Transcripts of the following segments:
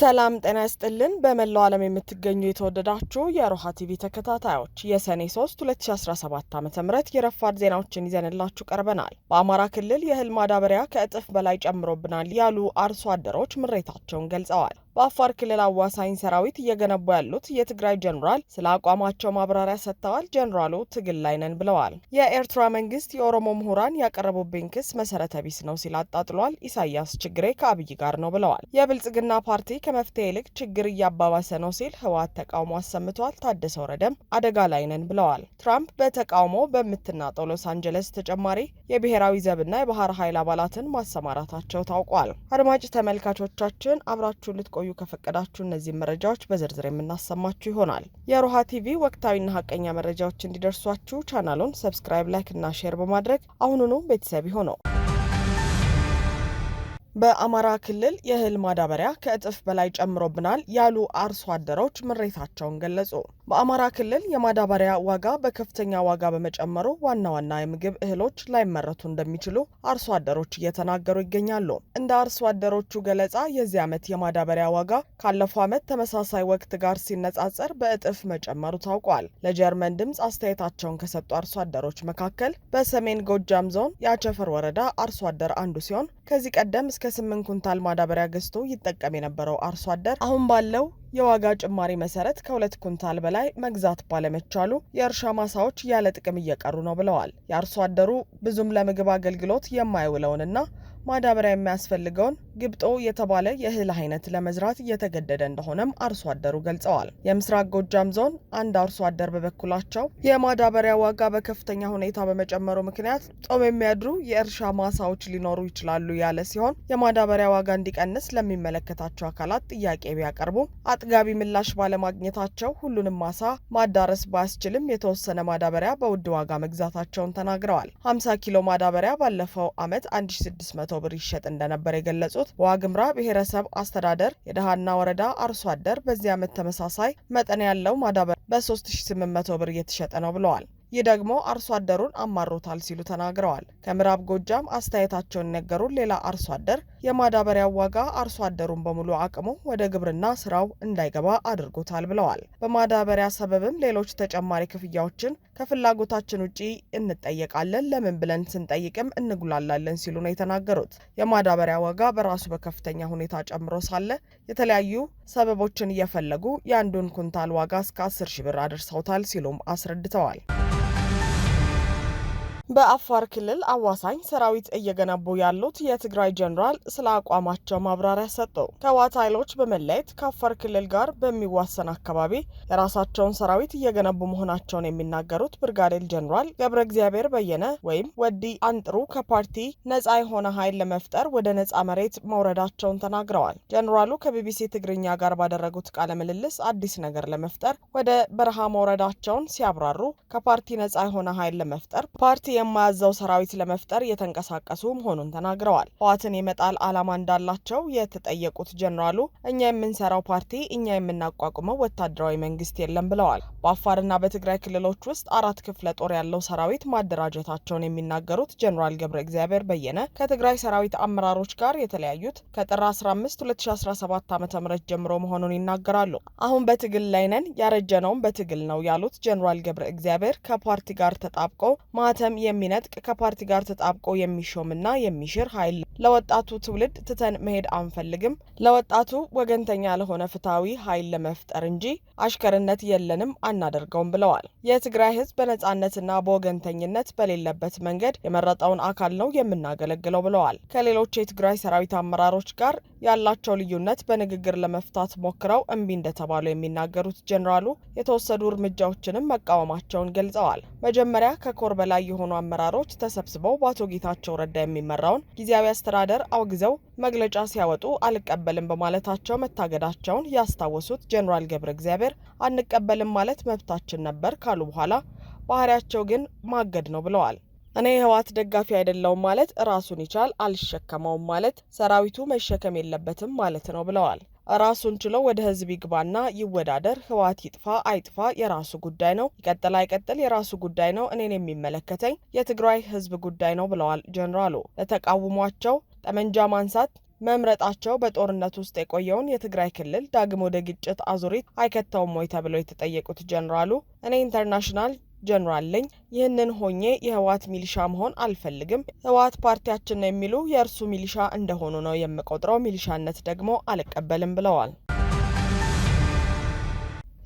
ሰላም ጤና ይስጥልን። በመላው ዓለም የምትገኙ የተወደዳችሁ የሮሃ ቲቪ ተከታታዮች የሰኔ 3 2017 ዓ ም የረፋድ ዜናዎችን ይዘንላችሁ ቀርበናል። በአማራ ክልል የእህል ማዳበሪያ ከእጥፍ በላይ ጨምሮብናል ያሉ አርሶ አደሮች ምሬታቸውን ገልጸዋል። በአፋር ክልል አዋሳኝ ሰራዊት እየገነቡ ያሉት የትግራይ ጀኔራል ስለ አቋማቸው ማብራሪያ ሰጥተዋል። ጀኔራሉ ትግል ላይ ነን ብለዋል። የኤርትራ መንግስት የኦሮሞ ምሁራን ያቀረቡብኝ ክስ መሰረተ ቢስ ነው ሲል አጣጥሏል። ኢሳያስ ችግሬ ከአብይ ጋር ነው ብለዋል። የብልጽግና ፓርቲ ከመፍትሄ ይልቅ ችግር እያባባሰ ነው ሲል ህወሓት ተቃውሞ አሰምቷል። ታደሰ ወረደም አደጋ ላይ ነን ብለዋል። ትራምፕ በተቃውሞ በምትናጠው ሎስ አንጀለስ ተጨማሪ የብሔራዊ ዘብና የባህር ኃይል አባላትን ማሰማራታቸው ታውቋል። አድማጭ ተመልካቾቻችን አብራችሁ ልትቆ እንድትቆዩ ከፈቀዳችሁ እነዚህ መረጃዎች በዝርዝር የምናሰማችሁ ይሆናል። የሮሃ ቲቪ ወቅታዊና ሀቀኛ መረጃዎች እንዲደርሷችሁ ቻናሉን ሰብስክራይብ፣ ላይክ እና ሼር በማድረግ አሁኑኑ ቤተሰብ ይሆነው። በአማራ ክልል የእህል ማዳበሪያ ከእጥፍ በላይ ጨምሮብናል ያሉ አርሶ አደሮች ምሬታቸውን ገለጹ። በአማራ ክልል የማዳበሪያ ዋጋ በከፍተኛ ዋጋ በመጨመሩ ዋና ዋና የምግብ እህሎች ላይመረቱ እንደሚችሉ አርሶ አደሮች እየተናገሩ ይገኛሉ። እንደ አርሶ አደሮቹ ገለጻ የዚህ ዓመት የማዳበሪያ ዋጋ ካለፈው ዓመት ተመሳሳይ ወቅት ጋር ሲነጻጸር በእጥፍ መጨመሩ ታውቋል። ለጀርመን ድምፅ አስተያየታቸውን ከሰጡ አርሶ አደሮች መካከል በሰሜን ጎጃም ዞን የአቸፈር ወረዳ አርሶ አደር አንዱ ሲሆን ከዚህ ቀደም እስከ ስምንት ኩንታል ማዳበሪያ ገዝቶ ይጠቀም የነበረው አርሶ አደር አሁን ባለው የዋጋ ጭማሪ መሰረት ከሁለት ኩንታል በላይ መግዛት ባለመቻሉ የእርሻ ማሳዎች ያለ ጥቅም እየቀሩ ነው ብለዋል። የአርሶ አደሩ ብዙም ለምግብ አገልግሎት የማይውለውንና ማዳበሪያ የሚያስፈልገውን ግብጦ የተባለ የእህል አይነት ለመዝራት እየተገደደ እንደሆነም አርሶ አደሩ ገልጸዋል። የምስራቅ ጎጃም ዞን አንድ አርሶ አደር በበኩላቸው የማዳበሪያ ዋጋ በከፍተኛ ሁኔታ በመጨመሩ ምክንያት ጦም የሚያድሩ የእርሻ ማሳዎች ሊኖሩ ይችላሉ ያለ ሲሆን የማዳበሪያ ዋጋ እንዲቀንስ ለሚመለከታቸው አካላት ጥያቄ ቢያቀርቡም አጥጋቢ ምላሽ ባለማግኘታቸው ሁሉንም ማሳ ማዳረስ ባያስችልም የተወሰነ ማዳበሪያ በውድ ዋጋ መግዛታቸውን ተናግረዋል። 50 ኪሎ ማዳበሪያ ባለፈው ዓመት 1600 መቶ ብር ይሸጥ እንደነበር የገለጹት ዋግምራ ብሔረሰብ አስተዳደር የደሃና ወረዳ አርሶ አደር በዚህ ዓመት ተመሳሳይ መጠን ያለው ማዳበር በ3800 ብር እየተሸጠ ነው ብለዋል። ይህ ደግሞ አርሶ አደሩን አማሮታል ሲሉ ተናግረዋል። ከምዕራብ ጎጃም አስተያየታቸውን ነገሩን ሌላ አርሶ አደር የማዳበሪያ ዋጋ አርሶ አደሩን በሙሉ አቅሙ ወደ ግብርና ስራው እንዳይገባ አድርጎታል ብለዋል። በማዳበሪያ ሰበብም ሌሎች ተጨማሪ ክፍያዎችን ከፍላጎታችን ውጪ እንጠየቃለን፣ ለምን ብለን ስንጠይቅም እንጉላላለን ሲሉ ነው የተናገሩት። የማዳበሪያ ዋጋ በራሱ በከፍተኛ ሁኔታ ጨምሮ ሳለ የተለያዩ ሰበቦችን እየፈለጉ የአንዱን ኩንታል ዋጋ እስከ 10 ሺ ብር አድርሰውታል ሲሉም አስረድተዋል። በአፋር ክልል አዋሳኝ ሰራዊት እየገነቡ ያሉት የትግራይ ጀኔራል ስለ አቋማቸው ማብራሪያ ሰጡ። ከዋት ኃይሎች በመለየት ከአፋር ክልል ጋር በሚዋሰን አካባቢ የራሳቸውን ሰራዊት እየገነቡ መሆናቸውን የሚናገሩት ብርጋዴር ጀኔራል ገብረ እግዚአብሔር በየነ ወይም ወዲ አንጥሩ ከፓርቲ ነጻ የሆነ ኃይል ለመፍጠር ወደ ነጻ መሬት መውረዳቸውን ተናግረዋል። ጀኔራሉ ከቢቢሲ ትግርኛ ጋር ባደረጉት ቃለ ምልልስ አዲስ ነገር ለመፍጠር ወደ በረሃ መውረዳቸውን ሲያብራሩ ከፓርቲ ነጻ የሆነ ኃይል ለመፍጠር ፓርቲ የማያዘው ሰራዊት ለመፍጠር የተንቀሳቀሱ መሆኑን ተናግረዋል። ህወሓትን የመጣል ዓላማ እንዳላቸው የተጠየቁት ጀኔራሉ እኛ የምንሰራው ፓርቲ፣ እኛ የምናቋቁመው ወታደራዊ መንግስት የለም ብለዋል። በአፋርና በትግራይ ክልሎች ውስጥ አራት ክፍለ ጦር ያለው ሰራዊት ማደራጀታቸውን የሚናገሩት ጀኔራል ገብረ እግዚአብሔር በየነ ከትግራይ ሰራዊት አመራሮች ጋር የተለያዩት ከጥር 15 2017 ዓ.ም ጀምሮ መሆኑን ይናገራሉ። አሁን በትግል ላይ ነን፣ ያረጀነውም በትግል ነው ያሉት ጀኔራል ገብረ እግዚአብሔር ከፓርቲ ጋር ማተም የ የሚነጥቅ ከፓርቲ ጋር ተጣብቆ የሚሾምና የሚሽር ኃይል ለወጣቱ ትውልድ ትተን መሄድ አንፈልግም። ለወጣቱ ወገንተኛ ለሆነ ፍትሐዊ ኃይል ለመፍጠር እንጂ አሽከርነት የለንም አናደርገውም ብለዋል። የትግራይ ህዝብ በነጻነትና በወገንተኝነት በሌለበት መንገድ የመረጠውን አካል ነው የምናገለግለው ብለዋል። ከሌሎች የትግራይ ሰራዊት አመራሮች ጋር ያላቸው ልዩነት በንግግር ለመፍታት ሞክረው እምቢ እንደተባሉ የሚናገሩት ጀኔራሉ የተወሰዱ እርምጃዎችንም መቃወማቸውን ገልጸዋል። መጀመሪያ ከኮር በላይ የሆኑ አመራሮች ተሰብስበው በአቶ ጌታቸው ረዳ የሚመራውን ጊዜያዊ አስተዳደር አውግዘው መግለጫ ሲያወጡ አልቀበልም በማለታቸው መታገዳቸውን ያስታወሱት ጀኔራል ገብረ እግዚአብሔር አንቀበልም ማለት መብታችን ነበር ካሉ በኋላ ባህሪያቸው ግን ማገድ ነው ብለዋል። እኔ የህወሓት ደጋፊ አይደለውም ማለት ራሱን ይቻል፣ አልሸከመውም ማለት ሰራዊቱ መሸከም የለበትም ማለት ነው ብለዋል። ራሱን ችሎ ወደ ህዝብ ይግባና ይወዳደር። ህወሓት ይጥፋ አይጥፋ የራሱ ጉዳይ ነው፣ ይቀጥል አይቀጥል የራሱ ጉዳይ ነው። እኔን የሚመለከተኝ የትግራይ ህዝብ ጉዳይ ነው ብለዋል ጀኔራሉ። ለተቃውሟቸው ጠመንጃ ማንሳት መምረጣቸው በጦርነት ውስጥ የቆየውን የትግራይ ክልል ዳግም ወደ ግጭት አዙሪት አይከተውም ወይ ተብለው የተጠየቁት ጀኔራሉ እኔ ኢንተርናሽናል ጀኔራል ልኝ ይህንን ሆኜ የህወሓት ሚሊሻ መሆን አልፈልግም። ህወሓት ፓርቲያችን ነው የሚሉ የእርሱ ሚሊሻ እንደሆኑ ነው የምቆጥረው። ሚሊሻነት ደግሞ አልቀበልም ብለዋል።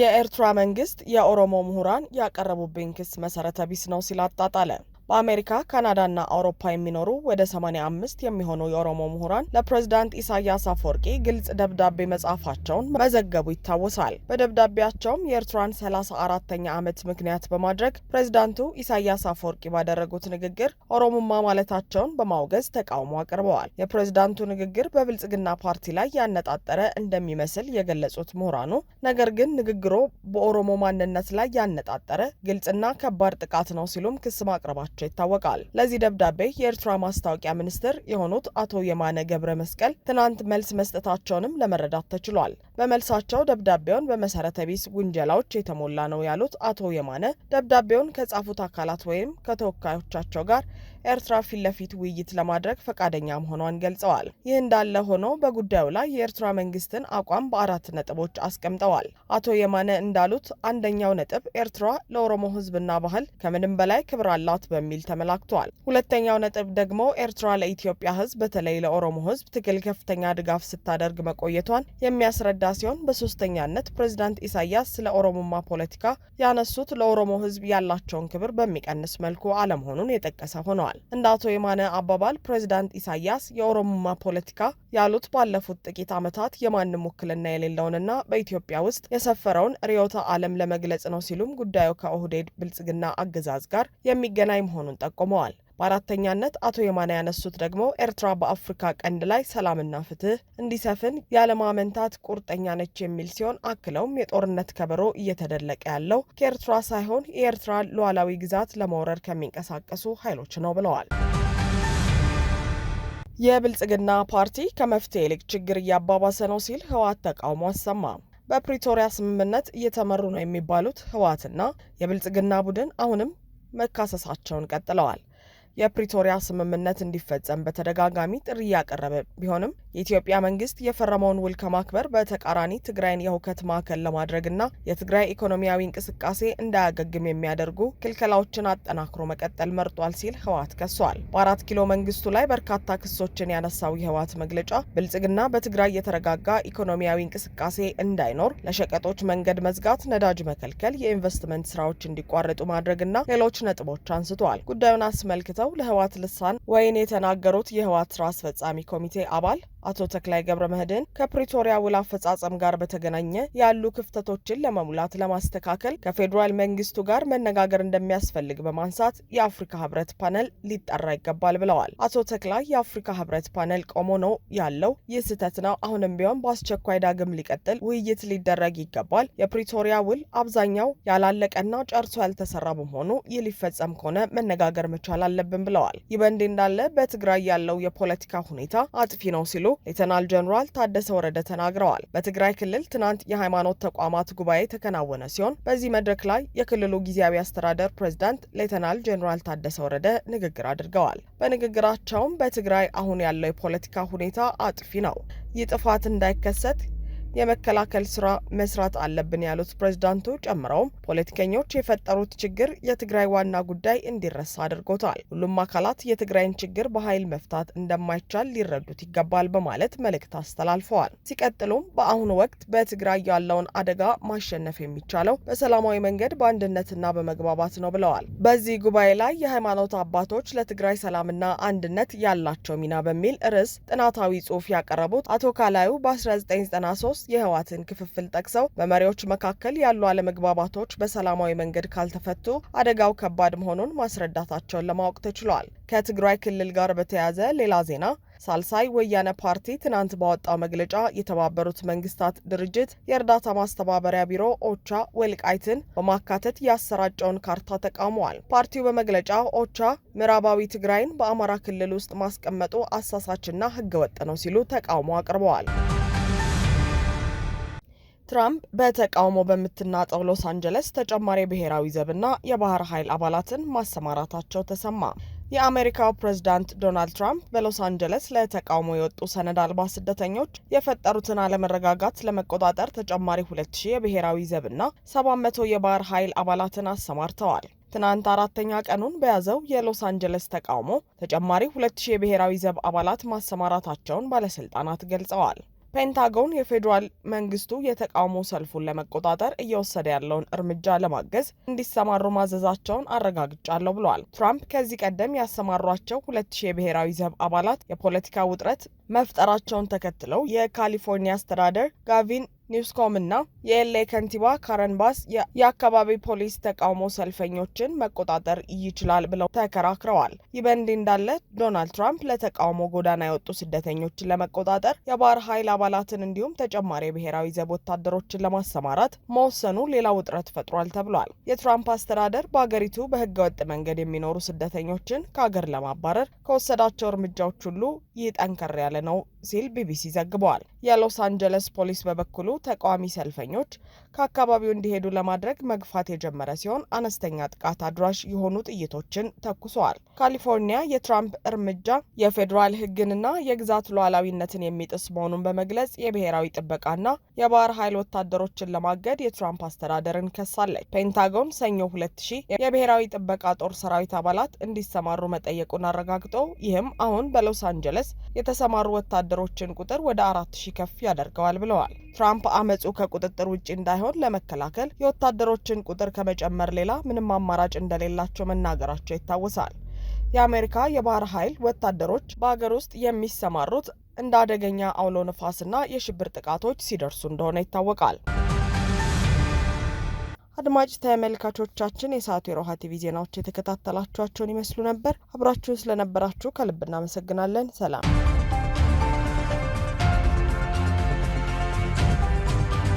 የኤርትራ መንግስት የኦሮሞ ምሁራን ያቀረቡብኝ ክስ መሰረተ ቢስ ነው ሲል አጣጣለ። በአሜሪካ ካናዳና አውሮፓ የሚኖሩ ወደ 85 የሚሆኑ የኦሮሞ ምሁራን ለፕሬዝዳንት ኢሳያስ አፈወርቂ ግልጽ ደብዳቤ መጻፋቸውን መዘገቡ ይታወሳል። በደብዳቤያቸውም የኤርትራን 34ተኛ ዓመት ምክንያት በማድረግ ፕሬዝዳንቱ ኢሳያስ አፈወርቂ ባደረጉት ንግግር ኦሮሞማ ማለታቸውን በማውገዝ ተቃውሞ አቅርበዋል። የፕሬዚዳንቱ ንግግር በብልጽግና ፓርቲ ላይ ያነጣጠረ እንደሚመስል የገለጹት ምሁራኑ ነገር ግን ንግግሩ በኦሮሞ ማንነት ላይ ያነጣጠረ ግልጽና ከባድ ጥቃት ነው ሲሉም ክስ ማቅረባቸው መላካቸው ይታወቃል። ለዚህ ደብዳቤ የኤርትራ ማስታወቂያ ሚኒስትር የሆኑት አቶ የማነ ገብረ መስቀል ትናንት መልስ መስጠታቸውንም ለመረዳት ተችሏል። በመልሳቸው ደብዳቤውን በመሰረተ ቢስ ውንጀላዎች የተሞላ ነው ያሉት አቶ የማነ ደብዳቤውን ከጻፉት አካላት ወይም ከተወካዮቻቸው ጋር ኤርትራ ፊት ለፊት ውይይት ለማድረግ ፈቃደኛ መሆኗን ገልጸዋል። ይህ እንዳለ ሆኖ በጉዳዩ ላይ የኤርትራ መንግስትን አቋም በአራት ነጥቦች አስቀምጠዋል። አቶ የማነ እንዳሉት አንደኛው ነጥብ ኤርትራ ለኦሮሞ ህዝብና ባህል ከምንም በላይ ክብር አላት በሚል ተመላክቷል። ሁለተኛው ነጥብ ደግሞ ኤርትራ ለኢትዮጵያ ህዝብ በተለይ ለኦሮሞ ህዝብ ትግል ከፍተኛ ድጋፍ ስታደርግ መቆየቷን የሚያስረዳ ሲሆን በሶስተኛነት ፕሬዚዳንት ኢሳያስ ስለ ኦሮሞማ ፖለቲካ ያነሱት ለኦሮሞ ህዝብ ያላቸውን ክብር በሚቀንስ መልኩ አለመሆኑን የጠቀሰ ሆነዋል። ተናግረዋል። እንደ አቶ የማነ አባባል ፕሬዚዳንት ኢሳያስ የኦሮሞማ ፖለቲካ ያሉት ባለፉት ጥቂት ዓመታት የማንም ውክልና የሌለውንና በኢትዮጵያ ውስጥ የሰፈረውን ርዕዮተ ዓለም ለመግለጽ ነው ሲሉም ጉዳዩ ከኦህዴድ ብልጽግና አገዛዝ ጋር የሚገናኝ መሆኑን ጠቁመዋል። በአራተኛነት አቶ የማነ ያነሱት ደግሞ ኤርትራ በአፍሪካ ቀንድ ላይ ሰላምና ፍትህ እንዲሰፍን ያለማመንታት ቁርጠኛ ነች የሚል ሲሆን አክለውም የጦርነት ከበሮ እየተደለቀ ያለው ከኤርትራ ሳይሆን የኤርትራ ሉዓላዊ ግዛት ለመውረድ ከሚንቀሳቀሱ ኃይሎች ነው ብለዋል። የብልጽግና ፓርቲ ከመፍትሄ ይልቅ ችግር እያባባሰ ነው ሲል ህወሓት ተቃውሞ አሰማ። በፕሪቶሪያ ስምምነት እየተመሩ ነው የሚባሉት ህወሓትና የብልጽግና ቡድን አሁንም መካሰሳቸውን ቀጥለዋል። የፕሪቶሪያ ስምምነት እንዲፈጸም በተደጋጋሚ ጥሪ እያቀረበ ቢሆንም የኢትዮጵያ መንግስት የፈረመውን ውል ከማክበር በተቃራኒ ትግራይን የሁከት ማዕከል ለማድረግና የትግራይ ኢኮኖሚያዊ እንቅስቃሴ እንዳያገግም የሚያደርጉ ክልከላዎችን አጠናክሮ መቀጠል መርጧል ሲል ህወሓት ከሷል። በአራት ኪሎ መንግስቱ ላይ በርካታ ክሶችን ያነሳው የህወሓት መግለጫ ብልጽግና በትግራይ የተረጋጋ ኢኮኖሚያዊ እንቅስቃሴ እንዳይኖር ለሸቀጦች መንገድ መዝጋት፣ ነዳጅ መከልከል፣ የኢንቨስትመንት ስራዎች እንዲቋረጡ ማድረግና ሌሎች ነጥቦች አንስተዋል። ጉዳዩን አስመልክተው ለህዋት ልሳን ወይን የተናገሩት የህዋት ስራ አስፈጻሚ ኮሚቴ አባል አቶ ተክላይ ገብረ መድህን ከፕሪቶሪያ ውል አፈጻጸም ጋር በተገናኘ ያሉ ክፍተቶችን ለመሙላት ለማስተካከል ከፌዴራል መንግስቱ ጋር መነጋገር እንደሚያስፈልግ በማንሳት የአፍሪካ ህብረት ፓነል ሊጠራ ይገባል ብለዋል። አቶ ተክላይ የአፍሪካ ህብረት ፓነል ቆሞ ነው ያለው ይህ ስህተት ነው። አሁንም ቢሆን በአስቸኳይ ዳግም ሊቀጥል ውይይት ሊደረግ ይገባል። የፕሪቶሪያ ውል አብዛኛው ያላለቀና ጨርሶ ያልተሰራ በመሆኑ ይህ ሊፈጸም ከሆነ መነጋገር መቻል አለብን ብለዋል። ይህ በእንዲህ እንዳለ በትግራይ ያለው የፖለቲካ ሁኔታ አጥፊ ነው ሲሉ ሌተናል ጀኔራል ታደሰ ወረደ ተናግረዋል። በትግራይ ክልል ትናንት የሃይማኖት ተቋማት ጉባኤ የተከናወነ ሲሆን በዚህ መድረክ ላይ የክልሉ ጊዜያዊ አስተዳደር ፕሬዝዳንት ሌተናል ጀኔራል ታደሰ ወረደ ንግግር አድርገዋል። በንግግራቸውም በትግራይ አሁን ያለው የፖለቲካ ሁኔታ አጥፊ ነው። ይህ ጥፋት እንዳይከሰት የመከላከል ስራ መስራት አለብን ያሉት ፕሬዝዳንቱ ጨምረውም ፖለቲከኞች የፈጠሩት ችግር የትግራይ ዋና ጉዳይ እንዲረሳ አድርጎታል። ሁሉም አካላት የትግራይን ችግር በኃይል መፍታት እንደማይቻል ሊረዱት ይገባል በማለት መልእክት አስተላልፈዋል። ሲቀጥሉም በአሁኑ ወቅት በትግራይ ያለውን አደጋ ማሸነፍ የሚቻለው በሰላማዊ መንገድ በአንድነትና በመግባባት ነው ብለዋል። በዚህ ጉባኤ ላይ የሃይማኖት አባቶች ለትግራይ ሰላምና አንድነት ያላቸው ሚና በሚል ርዕስ ጥናታዊ ጽሑፍ ያቀረቡት አቶ ካላዩ በ1993 የህወሓትን ክፍፍል ጠቅሰው በመሪዎች መካከል ያሉ አለመግባባቶች በሰላማዊ መንገድ ካልተፈቱ አደጋው ከባድ መሆኑን ማስረዳታቸውን ለማወቅ ተችሏል። ከትግራይ ክልል ጋር በተያያዘ ሌላ ዜና ሳልሳይ ወያነ ፓርቲ ትናንት ባወጣው መግለጫ የተባበሩት መንግስታት ድርጅት የእርዳታ ማስተባበሪያ ቢሮ ኦቻ ወልቃይትን በማካተት ያሰራጨውን ካርታ ተቃውመዋል። ፓርቲው በመግለጫው ኦቻ ምዕራባዊ ትግራይን በአማራ ክልል ውስጥ ማስቀመጡ አሳሳችና ህገወጥ ነው ሲሉ ተቃውሞ አቅርበዋል። ትራምፕ በተቃውሞ በምትናጠው ሎስ አንጀለስ ተጨማሪ ብሔራዊ ዘብና የባህር ኃይል አባላትን ማሰማራታቸው ተሰማ። የአሜሪካው ፕሬዝዳንት ዶናልድ ትራምፕ በሎስ አንጀለስ ለተቃውሞ የወጡ ሰነድ አልባ ስደተኞች የፈጠሩትን አለመረጋጋት ለመቆጣጠር ተጨማሪ ሁለት የብሔራዊ ዘብና 700 የባህር ኃይል አባላትን አሰማርተዋል። ትናንት አራተኛ ቀኑን በያዘው የሎስ አንጀለስ ተቃውሞ ተጨማሪ ሁለት የብሔራዊ ዘብ አባላት ማሰማራታቸውን ባለስልጣናት ገልጸዋል። ፔንታጎን የፌዴራል መንግስቱ የተቃውሞ ሰልፉን ለመቆጣጠር እየወሰደ ያለውን እርምጃ ለማገዝ እንዲሰማሩ ማዘዛቸውን አረጋግጫለሁ ብለዋል። ትራምፕ ከዚህ ቀደም ያሰማሯቸው ሁለት ሺህ የብሔራዊ ዘብ አባላት የፖለቲካ ውጥረት መፍጠራቸውን ተከትለው የካሊፎርኒያ አስተዳደር ጋቪን ኒውስኮም እና የኤልኤ ከንቲባ ካረን ባስ የአካባቢ ፖሊስ ተቃውሞ ሰልፈኞችን መቆጣጠር ይችላል ብለው ተከራክረዋል። ይህ በእንዲህ እንዳለ ዶናልድ ትራምፕ ለተቃውሞ ጎዳና የወጡ ስደተኞችን ለመቆጣጠር የባህር ኃይል አባላትን እንዲሁም ተጨማሪ የብሔራዊ ዘብ ወታደሮችን ለማሰማራት መወሰኑ ሌላ ውጥረት ፈጥሯል ተብሏል። የትራምፕ አስተዳደር በአገሪቱ በህገወጥ መንገድ የሚኖሩ ስደተኞችን ከአገር ለማባረር ከወሰዳቸው እርምጃዎች ሁሉ ይህ ጠንከር ያለ I know. ሲል ቢቢሲ ዘግቧል። የሎስ አንጀለስ ፖሊስ በበኩሉ ተቃዋሚ ሰልፈኞች ከአካባቢው እንዲሄዱ ለማድረግ መግፋት የጀመረ ሲሆን አነስተኛ ጥቃት አድራሽ የሆኑ ጥይቶችን ተኩሰዋል። ካሊፎርኒያ የትራምፕ እርምጃ የፌዴራል ሕግንና የግዛት ሉዓላዊነትን የሚጥስ መሆኑን በመግለጽ የብሔራዊ ጥበቃና የባህር ኃይል ወታደሮችን ለማገድ የትራምፕ አስተዳደርን ከሳለች። ፔንታጎን ሰኞ ሁለት ሺህ የብሔራዊ ጥበቃ ጦር ሰራዊት አባላት እንዲሰማሩ መጠየቁን አረጋግጦ ይህም አሁን በሎስ አንጀለስ የተሰማሩ ወታደሮች ወታደሮችን ቁጥር ወደ አራት ሺህ ከፍ ያደርገዋል ብለዋል። ትራምፕ አመፁ ከቁጥጥር ውጭ እንዳይሆን ለመከላከል የወታደሮችን ቁጥር ከመጨመር ሌላ ምንም አማራጭ እንደሌላቸው መናገራቸው ይታወሳል። የአሜሪካ የባህር ኃይል ወታደሮች በአገር ውስጥ የሚሰማሩት እንደ አደገኛ አውሎ ነፋስና የሽብር ጥቃቶች ሲደርሱ እንደሆነ ይታወቃል። አድማጭ ተመልካቾቻችን የሰዓቱ የሮሃ ቲቪ ዜናዎች የተከታተላችኋቸውን ይመስሉ ነበር። አብራችሁን ስለነበራችሁ ከልብ እናመሰግናለን። ሰላም